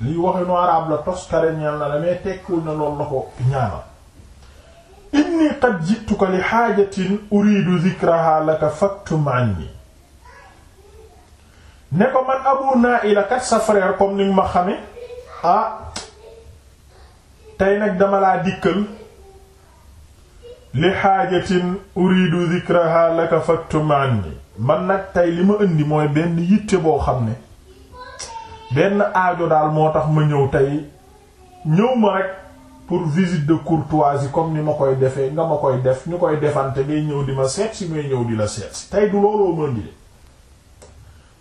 lii waxinu araab la toskare ñeel na la mais tekkul na loolu la ko ñaanal inni qad ko li xaajatin uridu zikraha laka faktum anni ne ko man abu naila kat sa frère comme ni ma xame ah tey nag dama laa dikkal li xaajatin uridu zikraha laka faktum anni man nag tey li ma indi mooy benn yitte boo xam ne benn aajo daal moo tax ma ñëw tey ñëw ma rek pour visite de courtoisie comme ni ma koy defee nga ma koy def ñu koy defante ngay ñëw di ma seet si ngay ñëw di la seet si tey du looloo mën di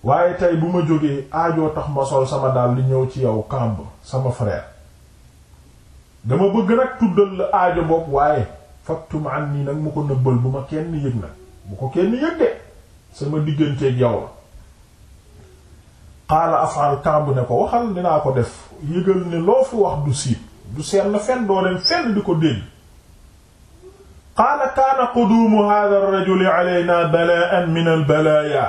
waaye tey bu ma jógee aajoo tax ma sol sama dal li ñëw ci yow kamb sama frère dama bëgg nag tuddal la aajo bopp waaye faktum an nii nag mu ko nëbbal bu ma kenn yëg nag bu ko kenn yëg de sama digganteeg yow la xaala afal kamb ne ko waxal dinaa ko def yëgal ne loo fi wax du siib du seen fenn doo leen fenn di ko dégg qaala kaana quduumu hadha ar-rajuli alayna bala'an min al-balaya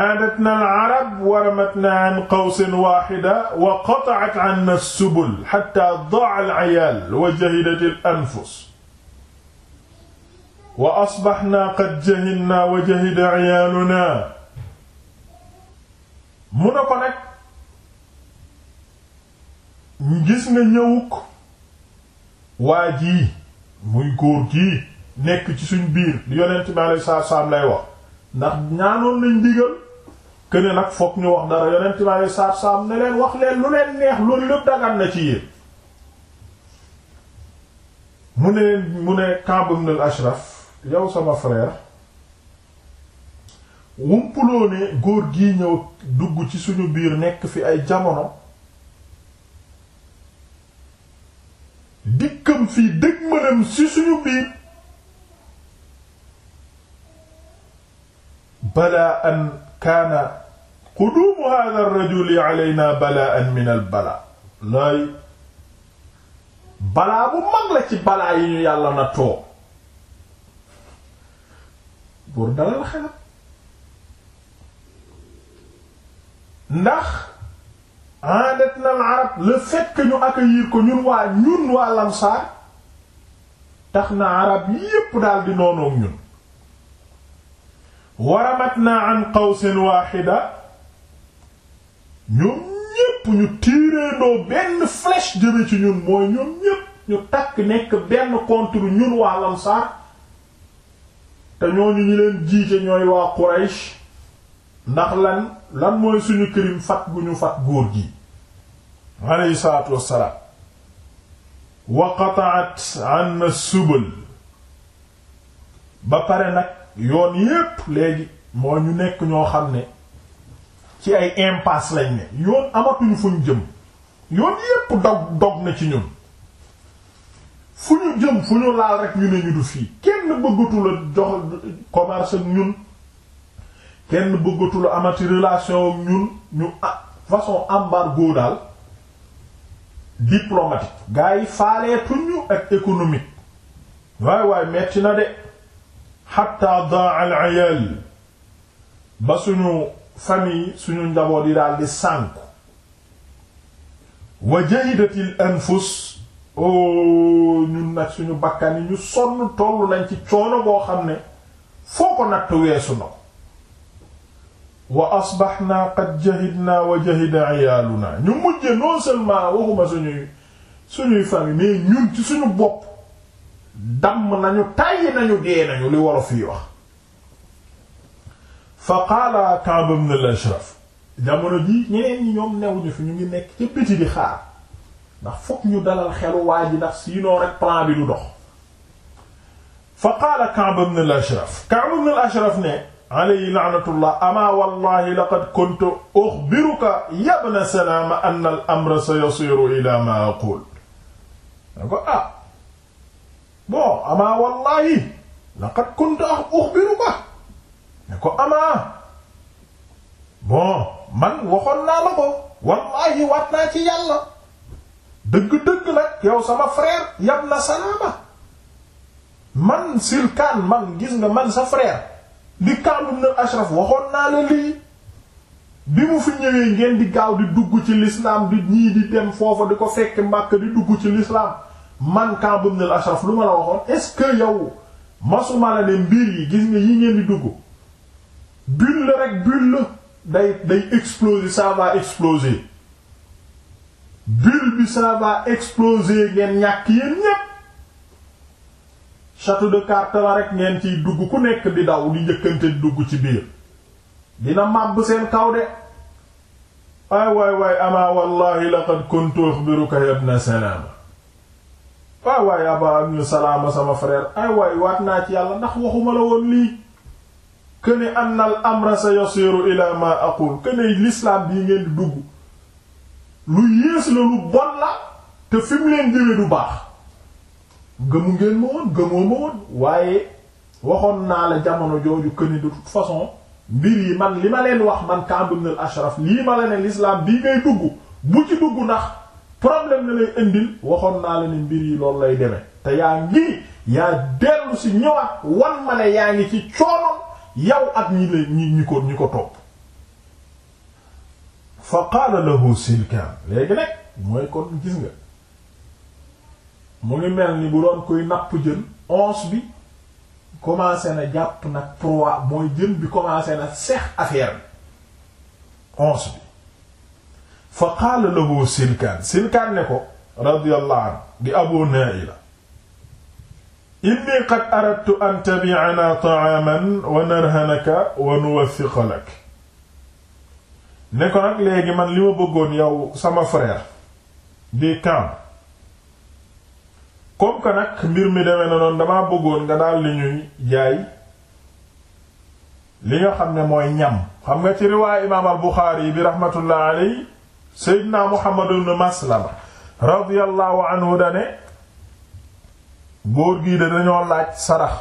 aadatna al-arab wa ramatna an qawsin wahida wa qata'at 'anna as-subul hatta da'a al-'iyal wa jahidat al-anfus wa asbahna qad jahilna wa jahida 'iyaluna mu ne ko nag gis na ñëwuk waa jii muy góor gii nekk ci suñ biir di yonent bi alayhi salaatu lay wax ndax ñaanoon nañ digal këne nag fokk ñu wax dara yonent bi alayhi salaatu ne leen wax leen lu leen neex loolu lépp dagan na ci yéen mu ne mu ne Ka'b ibn ashraf yow sama frère wumpuloo ne góor gi ñëw dugg ci suñu biir nekk fi ay jamono dikkam fii dëgg mënam ci suñu biir balaa an kaana quduumu hadha ar-rajuli alayna balaan min al balaa bu mag la ci balaa yi ñu yàlla na too pour dalal xelam ndax aadatna al arab le fait que ñu accueillir ko ñun waa ñun waa lamsaar tax na arab yépp daal di noonu ak ñun waramatna an qawsin waaxida ñoom ñépp ñu tiireendoo benn flèche jëme ci ñun mooy ñoom ñépp ñu takk nekk benn contre ñun waa lamsaar te ñooñu ñu leen jiite ñooy waa quraysh ndax lan lan mooy suñu crime fat gu ñu fat góor gi aleyhi salaatu wassalaam wa qata'at anna ba pare nag yoon yépp léegi moo ñu nekk ñoo xam ne ci ay impasse lañ ne yoon amatuñu fuñ jëm yoon yépp dog dog na ci ñun fu ñu jëm fu ñu laal rek ñu ne ñu du fii kenn bëggatu jox commerce ak ñun kenn bëggatula amati relation ak ñun ñu façon embargo daal diplomatique gars yi faaleetuñu ak économique waay waay metti na de xatta daa al iyal ba suñu famille suñu njaboot yi daal di sànku wa jahidatil anfus o oh, ñun nag suñu bakkan yi ñu sonn tollu lañ ci coono boo xam ne foo ko natt weesu na wa asbaxnaa qad jahidnaa wa jahida ayaaluna ñu mujje non seulement waxuma suñuy suñuy famille ñun ci suñu bopp damm nañu tàyyi nañu dee nañu li wolof yi wax fa qaala Ka'b ibn al-Ashraf jamono ji ñeneen ñi ñoom newuñu fi ñu ngi nekk ci biti di xaar ndax fokk ñu dalal xelu waa ji ndax sinon rek plan bi du dox fa qaala Ka'b ibn al-Ashraf Ka'b ibn al-Ashraf ne alayhi la'natullah ama wallahi laqad kuntu ukhbiruka ya ibna salaama anna al-amra sayasiru ila ma aqul da ko ah bon ama wallahi laqad kuntu ukhbiruka ne ko ama bon man waxoon naa la ko wallahi waat naa ci yàlla dëgg-dëgg nag yow sama frère yab na salaama man silkaan man gis nga man sa frère di Kaab ibn Ashraf waxoon naa la lii bi mu fi ñëwee ngeen di gaaw di dugg ci lislaam di ñii di dem foofa di ko fekk Makka di dugg ci lislaam man Kaab ibn Ashraf lu ma la waxoon est que yow masuma la ne mbir yi gis nga yi ngeen di dugg bulle rek bulle day day exploser ça va exploser bi ça va ngeen ñàkk yeen ñépp château de carte la rek ngeen ciy dugg ku nekk di daw di njëkkante dugg ci biir dina màbb seen kaw de ay waay waay ama wallahi laqad kuntu ukhbiruka ya ibn salaama waay waay aba ibn salaama sama frère ay waay waat naa ci yàlla ndax waxuma la woon lii këne anna al amra sa yasiru ila ma aqul bii ngeen di dugg lu yées la lu bon la te fi leen jëwe du baax gëmu ngeen ma gëmoo ma waaye waxoon naa la jamono jooju këni de toute façon mbir yi man li ma leen wax man Ka'b ibn al-Ashraf lii ma la ne lislaam bii ngay dugg bu ci dugg ndax problème na lay indil waxoon naa la ne mbir yi loolu lay demee te yaa ngi yaa dellu si ñëwaat wan ma ne yaa ngi ci coonoon yow ak ñi la ñi ñi ko ñi ko topp fa qaala lahu silkaan léegi nag mooy kon gis nga mu ngi mel ni bu doon koy napp jën onze bi commencé na jàpp nag proie mooy jën bi commencé na seex affaire bi onze bi fa qaala lahu silkaan silkaan ne ko radiyallahu anhu di abu naila inni qad aradtu an tabi'ana ta'aman wa narhanaka wa nuwathiqa lak ne ko nag léegi man li ma bëggoon yow sama frère di camp comme que nag mbir mi demee na noonu damaa bëggoon nga daal li ñuy jaay li nga xam ne mooy ñam xam nga ci riwaay imaam al Buxaari bi rahmatullah alayhi seydina Muhammad ibn Maslama radiyallahu anhu dane góor gii de dañoo laaj sarax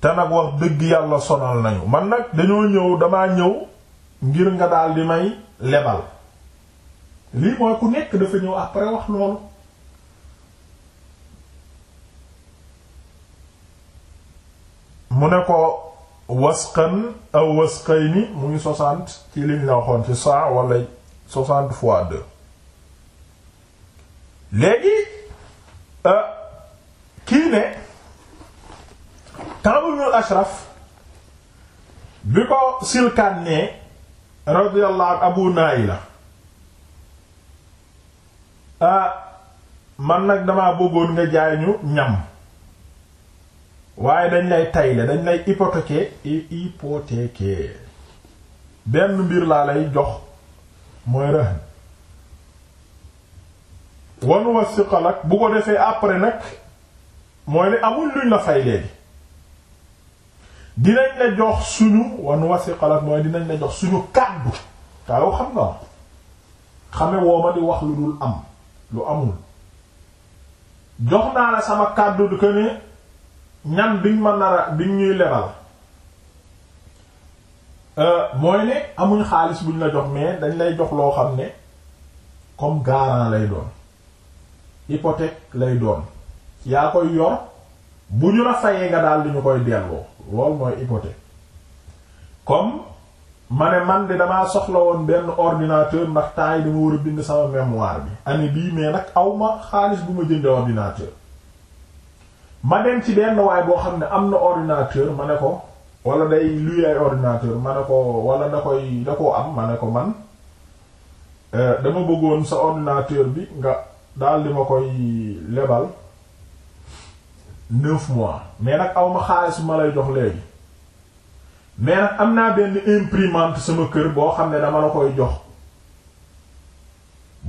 te nag wax dëgg yàlla sonal nañu man nag dañoo ñëw damaa ñëw ngir nga daal di may lebal lii mooy ku nekk dafa ñëw après wax loolu mu ne ko waskan aw wasqayni mu ngi soixante ci liñ la waxoon ci saa wala soixante fois deux léegi euh, kii ne Ka'b ashraf bi ko Silkaan ne radiyallahu Abu Naila ah man nag damaa bëggoon nga jaay ñu ñam waaye dañ lay tayle dañ lay hypothéquer hypothéquer benn mbir laa lay jox mooy rahn wanu wa siqalak bu ko defee après nag mooy ne amul luñ la fay léegi dinañ la jox suñu wanu wa mooy dinañ la jox suñu kàddu taaw xam nga xame woo ma di wax lu dul am lu amul jox naa la sama kàddu du ko ne ñan duñ ma nara duñ ñuy lebal euh, mooy ne amuñ xaalis buñ la jox mais dañ lay jox loo xam ne comme garant lay doon hypothèque lay doon yaa koy yor bu ñu la fayee nga daal di ñu koy delloo loolu mooy hypothèque comme ma ne man de damaa soxla woon benn ordinateur ndax temps yi dama war a bind sama mémoire bi année bii mais nag awma xaalis bu ma jënd ordinateur ma dem ci benn waay boo xam ne am na ordinateur ma ne ko wala day luyee ordinateur ma ne ko wala da koy da koo am ma ne ko man euh, dama bëggoon sa ordinateur bi nga daal li ma koy lebal neuf mois mais nag aw ma xaalis ma lay jox léegi mais am naa benn imprimante sama kër boo xam ne dama la koy jox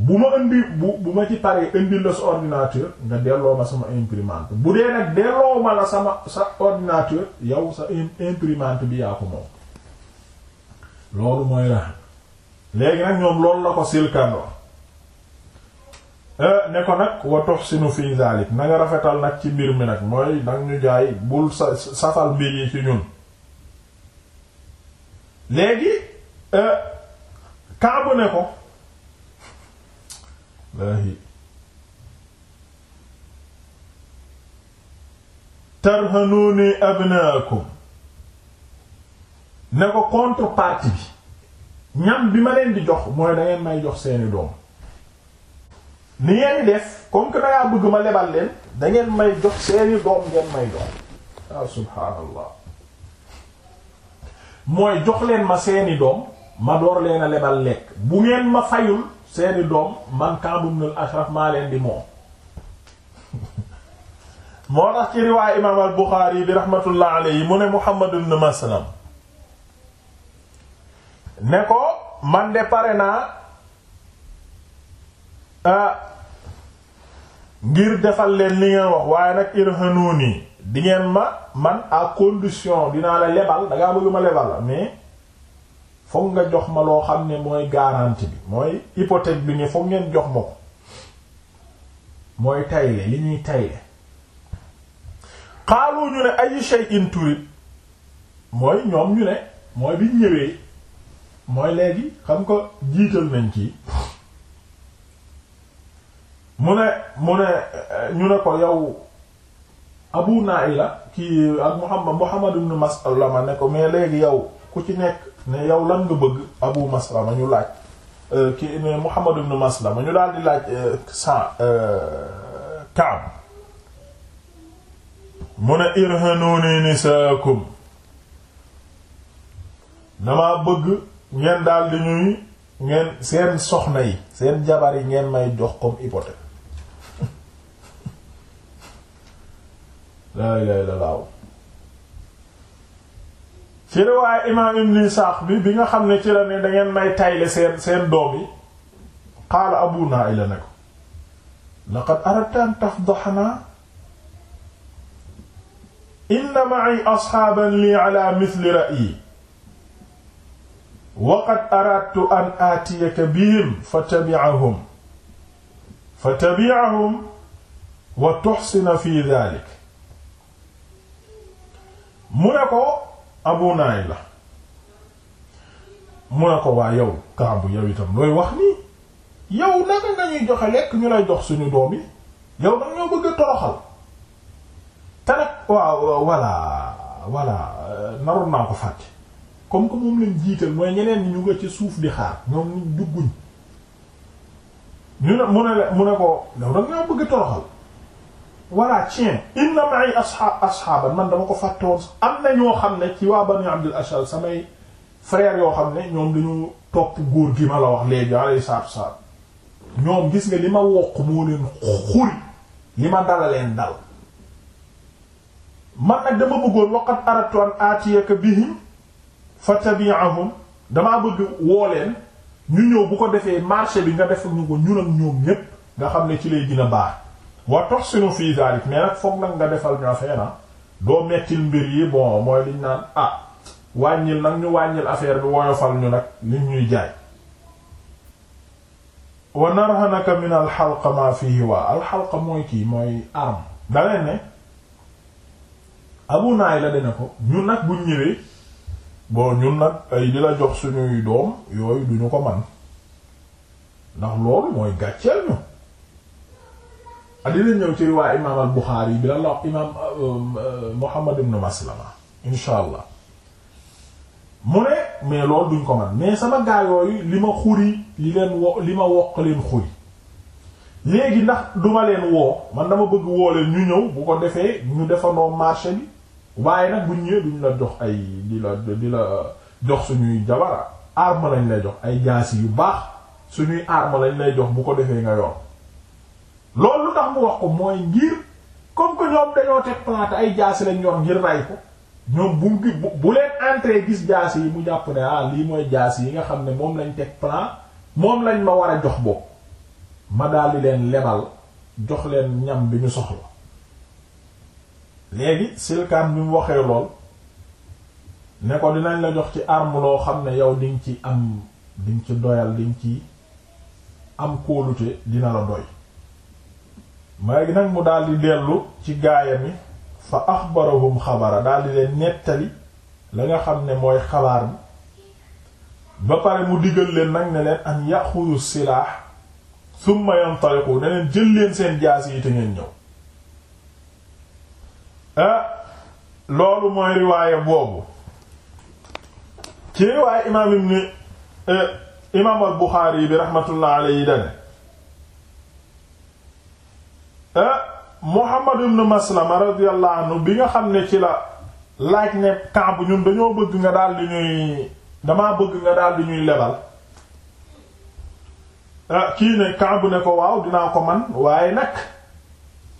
bu ma indi bu bu ma ci paree indi la sa ordinateur nga delloo ma sama imprimante bu dee nag delloo ma la sama sa ordinateur yow sa imprimante bi yaa ko moom loolu mooy raxam léegi nag ñoom loolu la ko silkandoo eh, ne ko nag wa tuhsinu fi zalik na rafetal nag ci mbir mi nag mooy nag ñu jaay bul sa safal mbir yi ci ñun léegi eh, kaabu ne ko laahi tarhanuuni abnaakum ne ko contrepartie bi ñam bi ma leen di jox mooy dangeen may jox seeni doom ni ngeen def comme que dangaa bëgg ma lebal leen da may jox seeni doom ngeen may jox ah, subhaanallah mooy jox leen ma seeni doom ma door leen a lebal lekk bu ngeen ma fayul seeni doom man Ka'b ibn al-Ashraf maa leen di moom moo tax ci riwaay imaam al Buxaari bi rahmatullah alayhi mu ne Muhammad ibn Maslam ne ko man de pare naa ngir defal leen li ngeen wax waaye nag irhanuni di ngeen ma man à condition dinaa la lebal dangaa bëgg lebal la mais foog nga jox ma loo xam ne mooy garanti bi mooy hypothèque bi ne foog ngeen jox ma ko mooy tayle li ñuy tayle xaalu ñu ne ay shay'in turid mooy ñoom ñu ne mooy bi ñëwee mooy léegi xam ko jiital nañ ci mu ne mu ne ñu ne ko yow Abu Naila ki ak Muhammad Muhammad ibn Maslama ne ko mais léegi yow ku ci nekk ne yow lan nga bëgg abu maslama ñu laaj euh, ki ne muhammad ibn maslama ñu daal di laaj sa euh, euh, kaab mu ne irhanuni nisaakum damaa bëgg ngeen daal ñuy ngeen seen soxna yi seen jabar yi ngeen may jox comme hypothèque laa ilaaha illallaah ci riwaay imaam ibn Isaaq bi bi nga xam ne ci la ne dangeen may tayle seen seen doom yi qaala Abu Naa'ila ne ko laqad aradta an tafdahanaa inna ma'i ashaaban lii ala mithli ra'yi wa qad aradtu an aatiyaka bihim fatabi'ahum fatabi'ahum wa tuhsina fi dhaalika mu ne ko abu naay la mu ne ko waa yow kaabu yow itam looy wax nii yow naka nga ñuy joxe lekk ñu lay jox suñu doom yi yow nag ñoo bëgg a toroxal te nag waaw voilà voilà euh, naroon naa ko fàtte comme que moom lañ jiital mooy ñeneen ñi ñu nga ci suuf di xaar ñoom ñu dugguñ ñu ne mu ne mu ne ko yow ñoo bëgg a toroxal voilà tiens inna ma'i ashaab ashaaban man dama ko fàtte am na ñoo xam ne ci waa banu Abdul Ashal samay frère yoo xam ne ñoom dañu topp góor gi ma la wax léegi alayhi salaatu wassalaam ñoom gis nga li ma wokk moo leen xuri li ma dala leen dal man nag dama bëggoon waqat aradtu an aatiyaka bihim fatabi'ahum damaa bëgg woo leen ñu ñëw bu ko defee marché bi nga def ñu ko ñun ak ñoom ñépp nga xam ne ci lay gën a baax wa toxsinu fii dalik mais nag foog nag nga defal ñu affaire na doo mettil mbir yi bon mooy liñ naan ah wàññil nag ñu wàññil affaire bi woyofal ñu nag liñ ñuy jaay wa narhanaka min alxalqa ma fihi waa alxalqa mooy kii mooy arme da leen ne abu naay la dana ko ñun nag buñ ñëwee bon ñun nag ay di la jox suñuy doom yooyu duñu ko man ndax loolu mooy gàcceel ñu Ah, dina ñëw ci riwaay imaam al Buxaari bi lan la wax imaam um, uh, Muhammad ibn Maslama insha allah mu ne mais loolu duñ ko man mais sama gaa yi li ma xuri li leen wo li ma woq leen xuri léegi ndax duma leen woo man dama bëgg woo leen ñu ñëw bu ko defee ñu defandoo marché bi waaye nag bu ñëwee duñ la jox ay di la di la jox suñuy jabara arme lañ lay jox ay jaasi yu baax suñuy arme lañ lay jox bu ko defee nga yoon loolu lu tax mu wax ko mooy ngir comme que ñoom dañoo teg plante ay jaasi lañ yor ngir ray ko ñoom bu ngi bu leen entrée gis jaasi yi mu jàpp ne ah lii mooy jaasi yi nga xam ne moom lañ teg plan moom lañ ma war a jox bopp ma daldi leen lebal jox leen ñam bi ñu soxla léegi silkaan bi mu waxee lool ne ko dinañ la jox ci arme loo xam ne yow diñ ci am diñ ci doyal diñ ci am kóolute dina la doy léegi nag mu daal di dellu ci gaayam yi fa axbarahum xabara daal di leen nettali la nga xam ne mooy xabaar bi ba pare mu digal leen nag ne leen an yaxudu silaax summa yantaliqu ne leen jël leen seen jaas yi te ngeen ñëw ah, loolu mooy riwaaya boobu ci riwaaya imaam ibn eh, imaam al bi raxmatullah alayhi dane Euh, Muhammad ibn Maslama radiyallahu anhu bi nga xam ne ci la laaj ne Kaab ñun dañoo bëgg nga daal di ñuy damaa bëgg nga daal ñuy lebal euh, kii ne Kaab ne ko waaw dinaa ko man waaye nag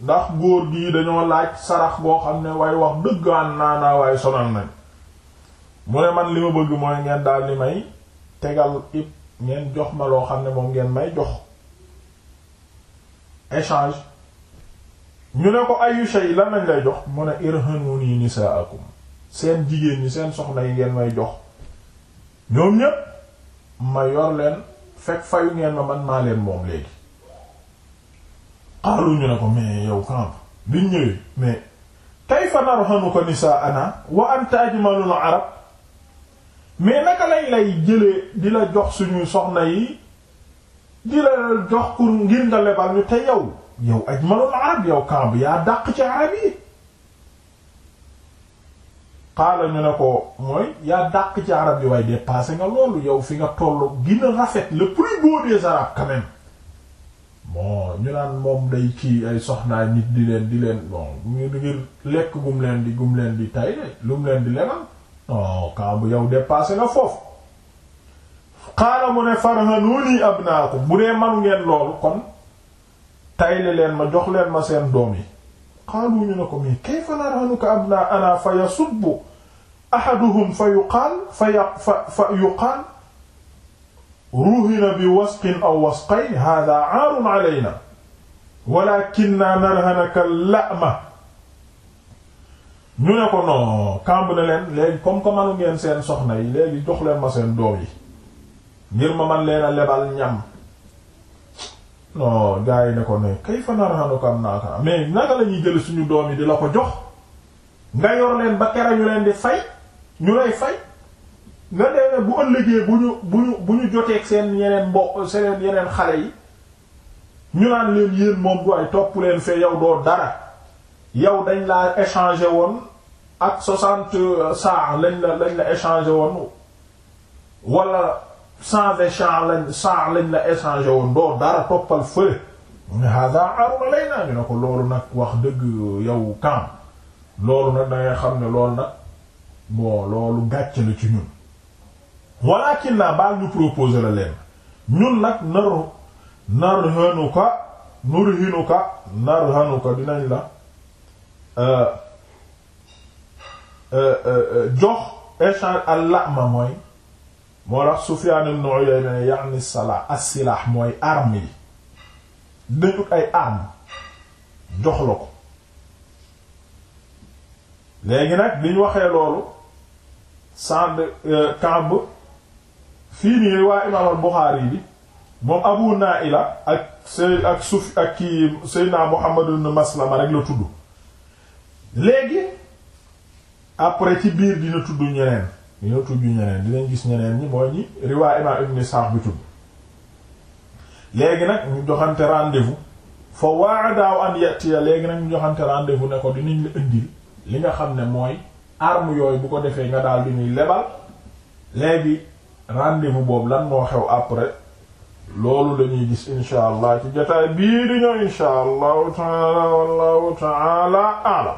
ndax góor gii dañoo laaj sarax boo xam ne waaye wax dëggaan naa naa waaye sonal nañ mu ne man li ma bëgg mooy ngeen daal di may tegal it ngeen jox ma loo xam ne moom ngeen may jox échange ñu ne ko ayu shay lan lañ lay jox mu ne irhanuni nisaakum seen jigéen ñi seen soxna yi ngeen may jox ñoom ñépp ma yor leen fekk fayu ngeen ma man maa leen moom léegi xaalu ñu ne ko mais yow kamp liñ ñëwee mais kayfa narhanuka nisaana wa anta ajmalul arab mais naka lañ lay jëlee di la jox suñu soxna yi di la jox pour ngir nga lebal ñu te yow yow ajmalul arab yow Kaab yaa dàq ci arab yi xaala ñu ne ko mooy yaa dàq ci arab yi waaye dépassé nga loolu yow fi nga toll gina rafet le plus beau des arabes quand même ñu naan moom day kii ay soxna nit di leen di leen bon ñu ngir lekk gum leen di gum leen di tay lum leen di lebal non Kaab yow dépassé nga foofu xaala mu ne farhanuuni abnaakum bu dee manu ngeen loolu kon tayle leen ma jox leen ma seen doom yi qaalu ñu ne ko mais kayfa narhanuka abnaana fa yasubbu ahaduhum fa yuqaal fa ya fa fa yuqaal ruhina bi wasqin aw wasqayn hada aarun alayna walakinna narhanaka la'ma ñu ne ko non kàmb ne leen léegi comme que manu ngeen seen soxna yi léegi jox leen ma seen doom yi ngir ma man leen a lebal ñam non gars yi ne ko ne kay fa narxanu ko am naaka mais naka la ñuy jël suñu doom yi di la ko jox nga yor leen ba kera ñu leen di fay ñu lay fay nga dee bu ëllëgee bu ñu bu ñu bu ñu joteeg seen yeneen mbokk seen yeneen xale yi ñu naan leen yéen moom du ay topp leen fee yow doo dara yow dañ laa échangé woon ak soixante saa euh, lañ la lañ la échangé woon wala cent vingt champs lañ cent lañ la échangé woon doo dara toppal fële mu ne hada lay naa ñu ne ko loolu nag wax dëgg yow kam loolu nag dangay xam ne loolu nag bon loolu gàcc la ci ñun walakin naa baal ñu proposer la leen ñun nag naru nar hanuka nur hinuka nar hanuka dinañ la euh, euh, euh, jox échange al lama mooy moo tax Sufyaan ibn Uyayna ne yaani sala as mooy arme yi dëjut ay arme jox la ko léegi nag biñ waxee loolu sand euh, kamb fii nii waa imaam al-Buxaari bi moom Abu Naila ak say ak suf ak kii Seydina Muhammad ibn Maslama rek la tudd léegi après ci biir dina tudd ñeneen dina tudd dinañ gis ñeneen ñi mooy ñi riwaa imam ibn bi tudd léegi nag ñu joxante rendez-vous fa waadaaw an yatiya léegi nag ñu joxante rendez ne ko dinañ la indil li nga xam ne mooy arme yooyu bu ko defee nga daal di ñuy lebal léegi rendez-vous boobu lan moo xew après loolu lañuy gis insha allah ci jotaay bii di insha allahu taala wallahu taala alam